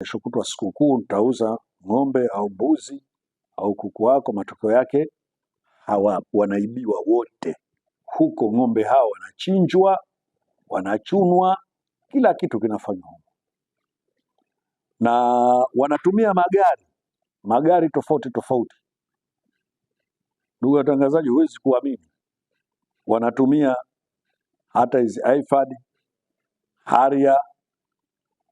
Kesho kutwa sikukuu, nitauza ng'ombe au mbuzi au kuku wako. Matokeo yake hawa wanaibiwa wote huko, ng'ombe hao wanachinjwa, wanachunwa, kila kitu kinafanywa huko, na wanatumia magari magari tofauti tofauti. Ndugu watangazaji, huwezi kuamini, wanatumia hata hizi iPad haria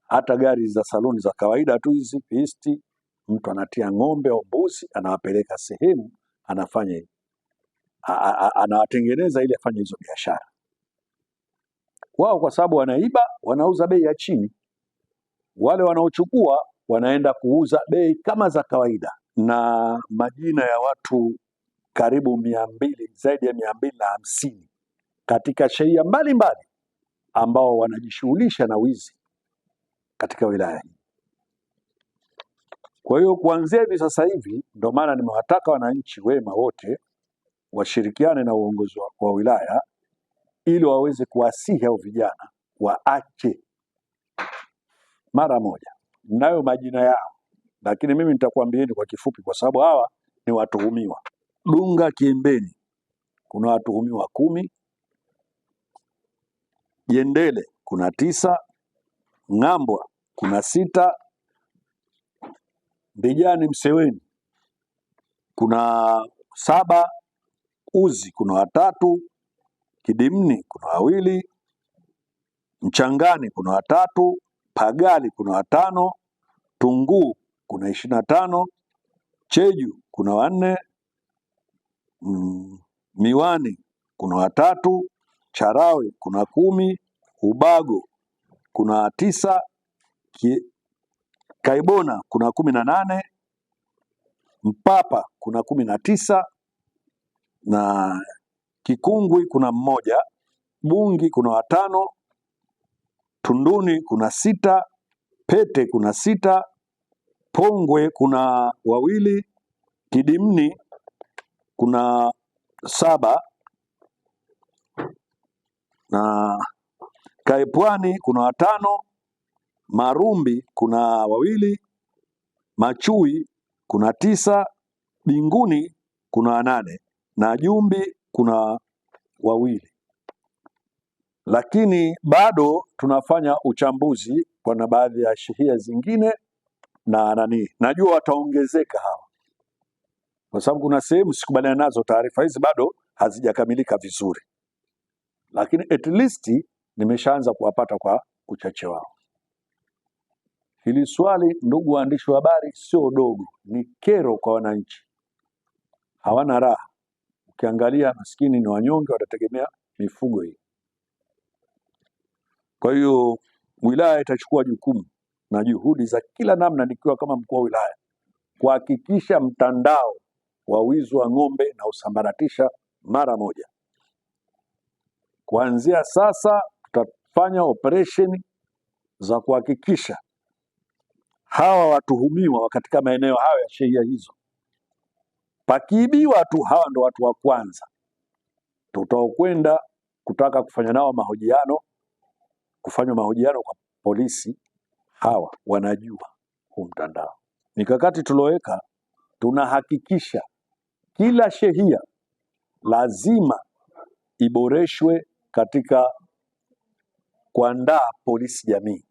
hata gari za saluni za kawaida tu hizi pisti, mtu anatia ng'ombe au mbuzi anawapeleka sehemu, anafanya anawatengeneza ili afanye hizo biashara. Wao kwa sababu wanaiba, wanauza bei ya chini, wale wanaochukua wanaenda kuuza bei kama za kawaida, na majina ya watu karibu mia mbili zaidi ya mia mbili na hamsini katika sheria mbalimbali ambao wanajishughulisha na wizi katika wilaya hii. Kwa hiyo kuanzia hivi sasa hivi, ndio maana nimewataka wananchi wema wote washirikiane na uongozi wa wilaya ili waweze kuwasihi hao vijana waache mara moja. Nayo majina yao, lakini mimi nitakwambieni kwa kifupi, kwa sababu hawa ni watuhumiwa. Dunga Kiembeni kuna watuhumiwa kumi, Jendele kuna tisa, Ng'ambwa kuna sita, Mbijani Mseweni kuna saba, Uzi kuna watatu, Kidimni kuna wawili, Mchangani kuna watatu, Pagali kuna watano, Tunguu kuna ishirini na tano, Cheju kuna wanne, mm, Miwani kuna watatu, Charawe kuna kumi, Ubago kuna tisa ki, Kaibona kuna kumi na nane Mpapa kuna kumi na tisa na Kikungwi kuna mmoja, Bungi kuna watano, Tunduni kuna sita, Pete kuna sita, Pongwe kuna wawili, Kidimni kuna saba, Kaepwani kuna watano, Marumbi kuna wawili, Machui kuna tisa, Binguni kuna wanane na Jumbi kuna wawili, lakini bado tunafanya uchambuzi kwa baadhi ya shehia zingine na nani, najua wataongezeka hawa, kwa sababu kuna sehemu sikubaliana nazo, taarifa hizi bado hazijakamilika vizuri, lakini at least nimeshaanza kuwapata kwa uchache wao. Hili swali, ndugu waandishi wa habari, sio dogo, ni kero kwa wananchi, hawana raha. Ukiangalia maskini ni wanyonge, watategemea mifugo hii. Kwa hiyo wilaya itachukua jukumu na juhudi za kila namna, nikiwa kama mkuu wa wilaya kuhakikisha mtandao wa wizi wa ng'ombe na usambaratisha mara moja kuanzia sasa kufanya operesheni za kuhakikisha hawa watuhumiwa katika maeneo hayo ya sheria hizo, pakiibiwa tu, hawa ndo watu wa kwanza tutaokwenda kutaka kufanya nao mahojiano, kufanywa mahojiano kwa polisi. Hawa wanajua huu mtandao. Mikakati tulioweka, tunahakikisha kila shehia lazima iboreshwe katika kuandaa polisi jamii.